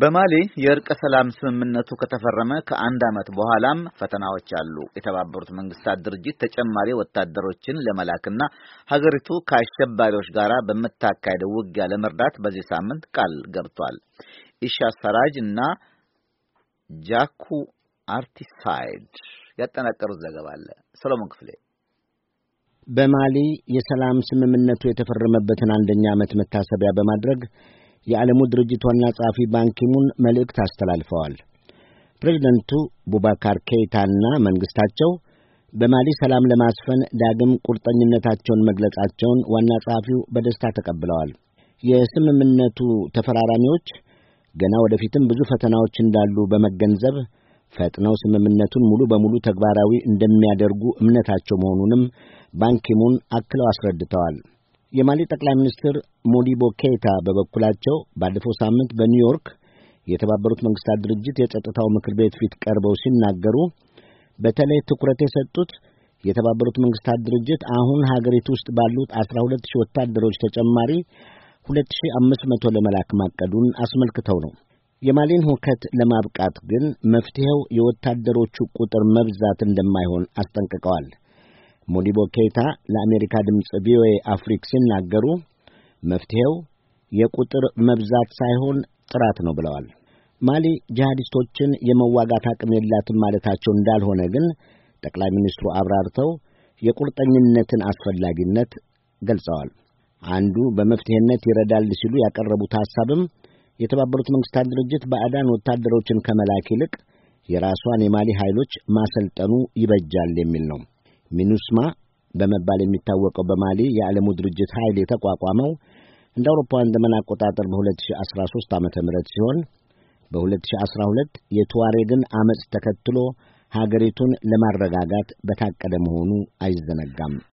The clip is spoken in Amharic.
በማሊ የእርቀ ሰላም ስምምነቱ ከተፈረመ ከአንድ ዓመት በኋላም ፈተናዎች አሉ። የተባበሩት መንግስታት ድርጅት ተጨማሪ ወታደሮችን ለመላክና ሀገሪቱ ከአሸባሪዎች ጋር በምታካሄደው ውጊያ ለመርዳት በዚህ ሳምንት ቃል ገብቷል። ኢሻ ሰራጅ እና ጃኩ አርቲሳይድ ያጠናቀሩት ዘገባ አለ። ሰሎሞን ክፍሌ በማሊ የሰላም ስምምነቱ የተፈረመበትን አንደኛ ዓመት መታሰቢያ በማድረግ የዓለሙ ድርጅት ዋና ጸሐፊ ባንኪሙን መልእክት አስተላልፈዋል። ፕሬዚደንቱ ቡባካር ኬይታና መንግሥታቸው በማሊ ሰላም ለማስፈን ዳግም ቁርጠኝነታቸውን መግለጻቸውን ዋና ጸሐፊው በደስታ ተቀብለዋል። የስምምነቱ ተፈራራሚዎች ገና ወደፊትም ብዙ ፈተናዎች እንዳሉ በመገንዘብ ፈጥነው ስምምነቱን ሙሉ በሙሉ ተግባራዊ እንደሚያደርጉ እምነታቸው መሆኑንም ባንኪሙን አክለው አስረድተዋል። የማሊ ጠቅላይ ሚኒስትር ሞዲቦ ኬታ በበኩላቸው ባለፈው ሳምንት በኒውዮርክ የተባበሩት መንግስታት ድርጅት የጸጥታው ምክር ቤት ፊት ቀርበው ሲናገሩ በተለይ ትኩረት የሰጡት የተባበሩት መንግስታት ድርጅት አሁን ሀገሪቱ ውስጥ ባሉት ሁለት ሺህ ወታደሮች ተጨማሪ መቶ ለመላክ ማቀዱን አስመልክተው ነው። የማሊን ሁከት ለማብቃት ግን መፍትሔው የወታደሮቹ ቁጥር መብዛት እንደማይሆን አስጠንቅቀዋል። ሞዲቦ ኬይታ ለአሜሪካ ድምፅ ቪኦኤ አፍሪክ ሲናገሩ መፍትሔው የቁጥር መብዛት ሳይሆን ጥራት ነው ብለዋል። ማሊ ጂሃዲስቶችን የመዋጋት አቅም የላትም ማለታቸው እንዳልሆነ ግን ጠቅላይ ሚኒስትሩ አብራርተው የቁርጠኝነትን አስፈላጊነት ገልጸዋል። አንዱ በመፍትሔነት ይረዳል ሲሉ ያቀረቡት ሐሳብም የተባበሩት መንግሥታት ድርጅት ባዕዳን ወታደሮችን ከመላክ ይልቅ የራሷን የማሊ ኃይሎች ማሰልጠኑ ይበጃል የሚል ነው። ሚኑስማ በመባል የሚታወቀው በማሊ የዓለሙ ድርጅት ኃይል የተቋቋመው እንደ አውሮፓውያን ዘመን አቆጣጠር በ2013 ዓ ም ሲሆን በ2012 የቱዋሬግን አመፅ ተከትሎ ሀገሪቱን ለማረጋጋት በታቀደ መሆኑ አይዘነጋም።